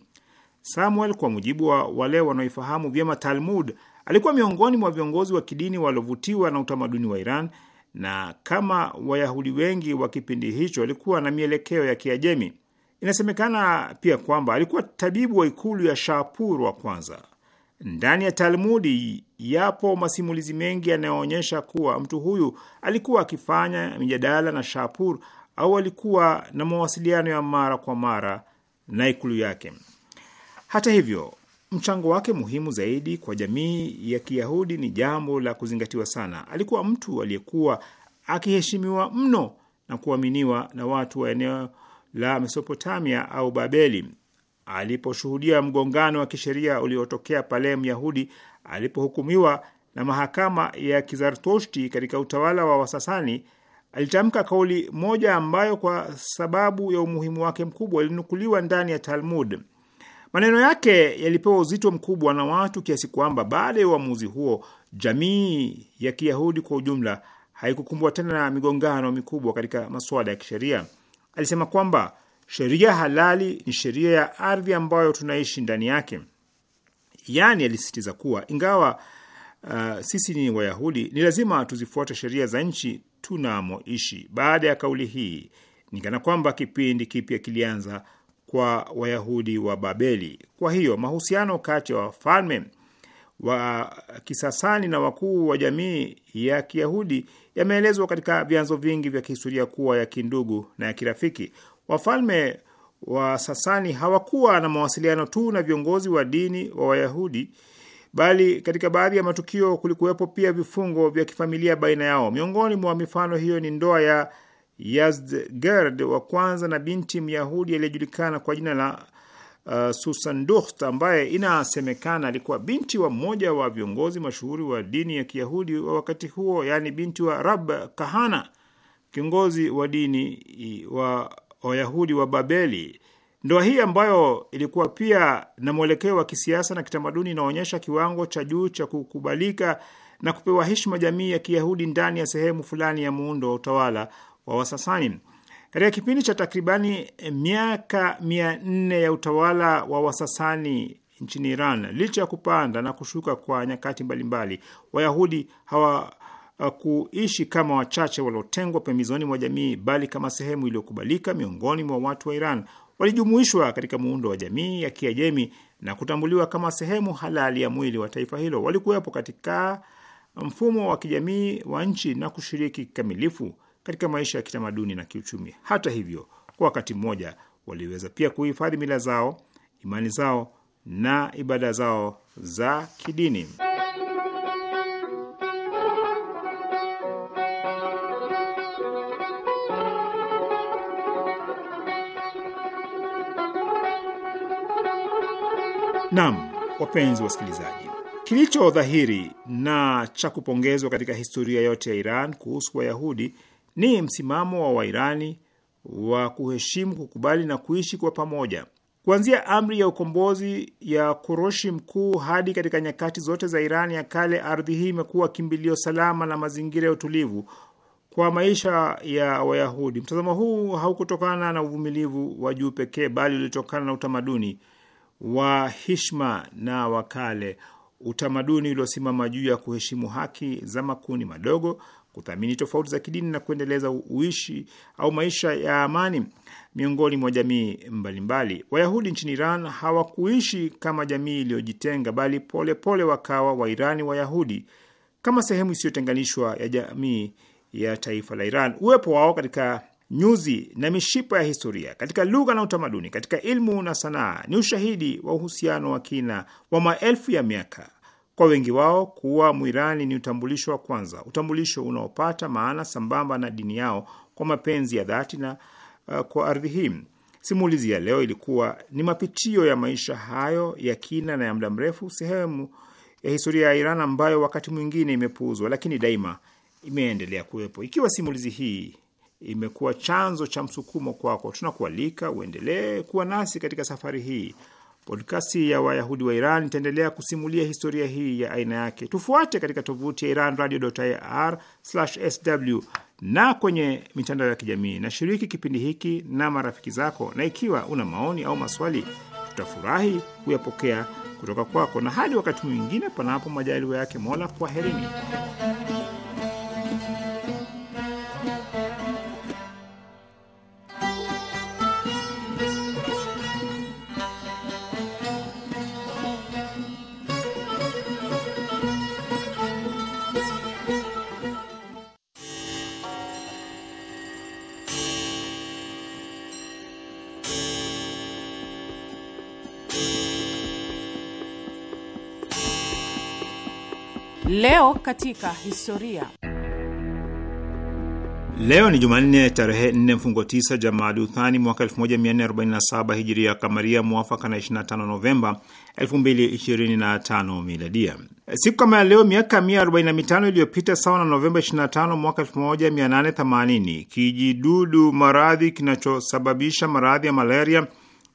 Samuel, kwa mujibu wa wale wanaoifahamu vyema Talmud, Alikuwa miongoni mwa viongozi wa kidini waliovutiwa na utamaduni wa Iran na kama Wayahudi wengi wa kipindi hicho alikuwa na mielekeo ya Kiajemi. Inasemekana pia kwamba alikuwa tabibu wa ikulu ya Shapur wa kwanza. Ndani ya Talmudi yapo masimulizi mengi yanayoonyesha kuwa mtu huyu alikuwa akifanya mijadala na Shapur au alikuwa na mawasiliano ya mara kwa mara na ikulu yake. Hata hivyo, Mchango wake muhimu zaidi kwa jamii ya Kiyahudi ni jambo la kuzingatiwa sana. Alikuwa mtu aliyekuwa akiheshimiwa mno na kuaminiwa na watu wa eneo la Mesopotamia au Babeli. Aliposhuhudia mgongano wa kisheria uliotokea pale Myahudi alipohukumiwa na mahakama ya Kizartoshti katika utawala wa Wasasani, alitamka kauli moja ambayo kwa sababu ya umuhimu wake mkubwa ilinukuliwa ndani ya Talmud. Maneno yake yalipewa uzito mkubwa na watu kiasi kwamba baada ya uamuzi huo jamii ya Kiyahudi kwa ujumla haikukumbwa tena na migongano mikubwa katika masuala ya kisheria. Alisema kwamba sheria halali ni sheria ya ardhi ambayo tunaishi ndani yake. Yaani, alisisitiza kuwa ingawa uh, sisi ni Wayahudi, ni lazima tuzifuate sheria za nchi tunamoishi. Baada ya kauli hii, ni kana kwamba kipindi kipya kilianza kwa Wayahudi wa Babeli. Kwa hiyo mahusiano kati ya wafalme wa Kisasani na wakuu wa jamii ya Kiyahudi yameelezwa katika vyanzo vingi vya kihistoria kuwa ya kindugu na ya kirafiki. Wafalme wa Sasani hawakuwa na mawasiliano tu na viongozi wa dini wa Wayahudi, bali katika baadhi ya matukio kulikuwepo pia vifungo vya kifamilia baina yao. Miongoni mwa mifano hiyo ni ndoa ya Yazdgerd wa kwanza na binti Myahudi aliyejulikana kwa jina la uh, Susan Ducht ambaye inasemekana alikuwa binti wa mmoja wa viongozi mashuhuri wa dini ya Kiyahudi wa wakati huo, yaani binti wa Rab Kahana, kiongozi wa dini wa Wayahudi wa Babeli. Ndoa hii ambayo ilikuwa pia na mwelekeo wa kisiasa na kitamaduni inaonyesha kiwango cha juu cha kukubalika na kupewa heshima jamii ya Kiyahudi ndani ya sehemu fulani ya muundo wa utawala wa Wasasani. Katika kipindi cha takribani eh, miaka mia nne ya utawala wa Wasasani nchini Iran, licha ya kupanda na kushuka kwa nyakati mbalimbali, Wayahudi hawa eh, kuishi kama wachache waliotengwa pembezoni mwa jamii, bali kama sehemu iliyokubalika miongoni mwa watu wa Iran. Walijumuishwa katika muundo wa jamii ya Kiajemi na kutambuliwa kama sehemu halali ya mwili wa taifa hilo. Walikuwepo katika mfumo wa kijamii wa nchi na kushiriki kikamilifu katika maisha ya kitamaduni na kiuchumi. Hata hivyo, kwa wakati mmoja waliweza pia kuhifadhi mila zao, imani zao na ibada zao za kidini. nam wapenzi wasikilizaji, kilicho dhahiri na cha kupongezwa katika historia yote ya Iran kuhusu Wayahudi ni msimamo wa Wairani wa kuheshimu, kukubali na kuishi kwa pamoja. Kuanzia amri ya ukombozi ya Koroshi Mkuu hadi katika nyakati zote za Irani ya kale, ardhi hii imekuwa kimbilio salama na mazingira ya utulivu kwa maisha ya Wayahudi. Mtazamo huu haukutokana na uvumilivu wa juu pekee, bali ulitokana na utamaduni wa hishma na wakale, utamaduni uliosimama juu ya kuheshimu haki za makundi madogo, kuthamini tofauti za kidini na kuendeleza uishi au maisha ya amani miongoni mwa jamii mbalimbali. Wayahudi nchini Iran hawakuishi kama jamii iliyojitenga, bali polepole pole wakawa Wairani Wayahudi kama sehemu isiyotenganishwa ya jamii ya taifa la Iran. Uwepo wao katika nyuzi na mishipa ya historia, katika lugha na utamaduni, katika ilmu na sanaa ni ushahidi wa uhusiano wa kina wa maelfu ya miaka kwa wengi wao kuwa Mwirani ni utambulisho wa kwanza, utambulisho unaopata maana sambamba na dini yao kwa mapenzi ya dhati na uh, kwa ardhi hii. Simulizi ya leo ilikuwa ni mapitio ya maisha hayo ya kina na ya muda mrefu, sehemu ya historia ya Iran ambayo wakati mwingine imepuuzwa, lakini daima imeendelea kuwepo. Ikiwa simulizi hii imekuwa chanzo cha msukumo kwako, tunakualika uendelee kuwa nasi katika safari hii Podkasti ya Wayahudi wa Iran itaendelea kusimulia historia hii ya aina yake. Tufuate katika tovuti ya Iran radio ir sw na kwenye mitandao ya kijamii. Na shiriki kipindi hiki na marafiki zako, na ikiwa una maoni au maswali, tutafurahi kuyapokea kutoka kwako, na hadi wakati mwingine, panapo majaliwa yake Mola, kwaherini. Leo katika historia. Leo ni Jumanne tarehe 4 mfungo 9 Jamadi Uthani mwaka 1447 hijiria kamaria, mwafaka na 25 Novemba 2025 miladia. Siku kama ya leo miaka 145 iliyopita, sawa na Novemba 25 mwaka 1880, kijidudu maradhi kinachosababisha maradhi ya malaria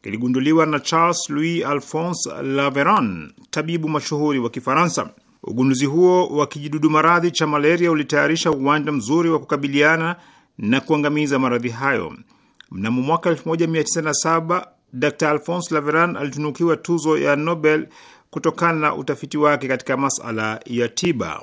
kiligunduliwa na Charles Louis Alphonse Laveran, tabibu mashuhuri wa Kifaransa. Ugunduzi huo wa kijidudu maradhi cha malaria ulitayarisha uwanja mzuri wa kukabiliana na kuangamiza maradhi hayo. Mnamo mwaka 197 Dr Alphonse Laveran alitunukiwa tuzo ya Nobel kutokana na utafiti wake katika masala ya tiba.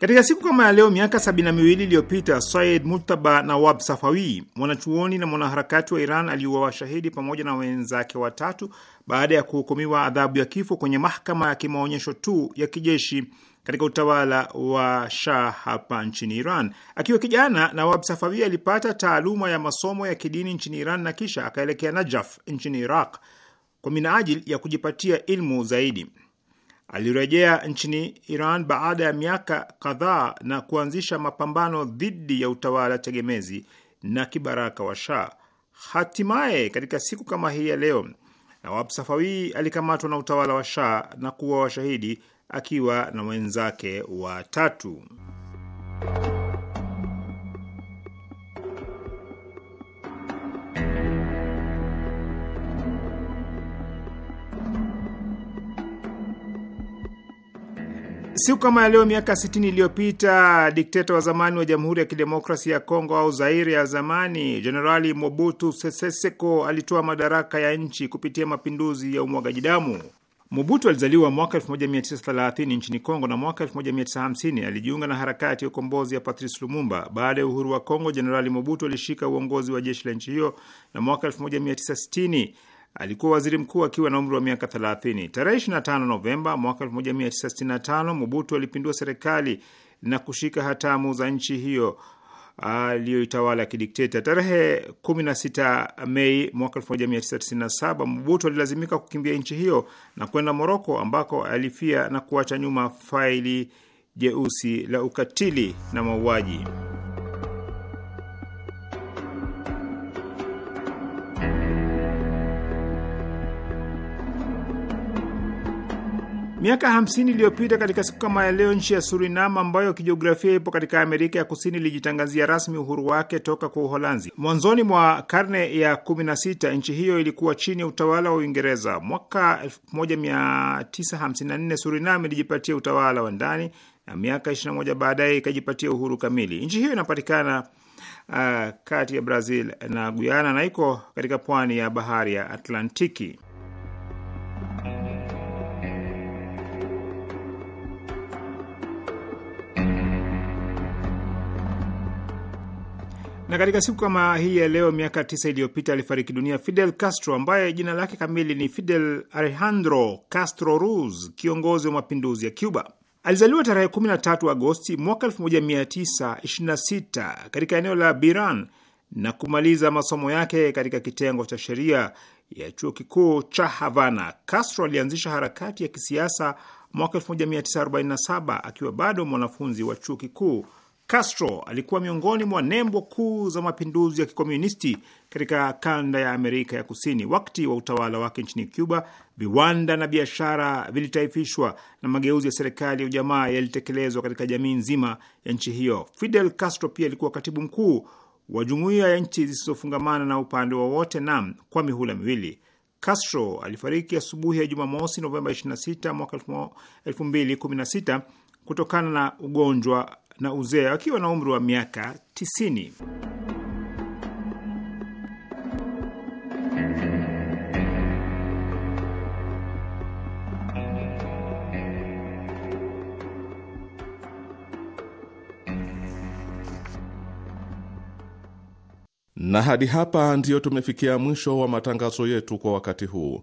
Katika siku kama ya leo miaka sabini na miwili iliyopita Said multaba Nawab Safawi, mwanachuoni na mwanaharakati wa Iran, aliuawa shahidi pamoja na wenzake watatu baada ya kuhukumiwa adhabu ya kifo kwenye mahakama ya kimaonyesho tu ya kijeshi katika utawala wa Shah hapa nchini Iran. Akiwa kijana, Nawab Safawi alipata taaluma ya masomo ya kidini nchini Iran na kisha akaelekea Najaf nchini Iraq kwa minajili ya kujipatia ilmu zaidi. Alirejea nchini Iran baada ya miaka kadhaa na kuanzisha mapambano dhidi ya utawala tegemezi na kibaraka wa Shah. Hatimaye katika siku kama hii ya leo, Nawab Safawi alikamatwa na utawala wa Shah na kuwa washahidi akiwa na wenzake watatu. Siku kama leo miaka 60 iliyopita dikteta wa zamani wa Jamhuri ya Kidemokrasia ya Kongo au Zaire ya zamani, Jenerali Mobutu Sese Seko alitoa madaraka ya nchi kupitia mapinduzi ya umwagaji damu. Mobutu alizaliwa mwaka 1930 nchini Kongo na mwaka 1950 alijiunga na harakati ya ukombozi ya Patrice Lumumba. Baada ya uhuru wa Kongo, Jenerali Mobutu alishika uongozi wa jeshi la nchi hiyo na mwaka 1960 alikuwa waziri mkuu akiwa na umri wa miaka 30. Tarehe 25 Novemba mwaka 1965 Mobutu alipindua serikali na kushika hatamu za nchi hiyo aliyoitawala kidikteta. Tarehe 16 Mei mwaka 1997 Mobutu alilazimika kukimbia nchi hiyo na kwenda Moroko ambako alifia na kuacha nyuma faili jeusi la ukatili na mauaji. Miaka 50 iliyopita katika siku kama ya leo, nchi ya Surinam ambayo kijiografia ipo katika Amerika ya Kusini ilijitangazia rasmi uhuru wake toka kwa Uholanzi. Mwanzoni mwa karne ya 16 nchi hiyo ilikuwa chini ya utawala wa Uingereza. Mwaka 1954 Surinam ilijipatia utawala wa ndani na miaka 21 baadaye ikajipatia uhuru kamili. Nchi hiyo inapatikana uh, kati ya Brazil na Guyana na iko katika pwani ya bahari ya Atlantiki. Na katika siku kama hii ya leo miaka tisa iliyopita alifariki dunia Fidel Castro ambaye jina lake kamili ni Fidel Alejandro Castro Ruz, kiongozi wa mapinduzi ya Cuba. Alizaliwa tarehe 13 Agosti mwaka 1926 katika eneo la Biran na kumaliza masomo yake katika kitengo cha sheria ya chuo kikuu cha Havana. Castro alianzisha harakati ya kisiasa mwaka 1947 akiwa bado mwanafunzi wa chuo kikuu Castro alikuwa miongoni mwa nembo kuu za mapinduzi ya kikomunisti katika kanda ya Amerika ya Kusini. Wakati wa utawala wake nchini Cuba, viwanda na biashara vilitaifishwa na mageuzi ya serikali ya ujamaa yalitekelezwa katika jamii nzima ya nchi hiyo. Fidel Castro pia alikuwa katibu mkuu wa Jumuiya ya Nchi Zisizofungamana na upande wowote NAM kwa mihula miwili. Castro alifariki asubuhi ya, ya Jumamosi Novemba 26 mwaka 2016 kutokana na ugonjwa na uzee akiwa na umri wa miaka 90. Na hadi hapa ndiyo tumefikia mwisho wa matangazo yetu kwa wakati huu.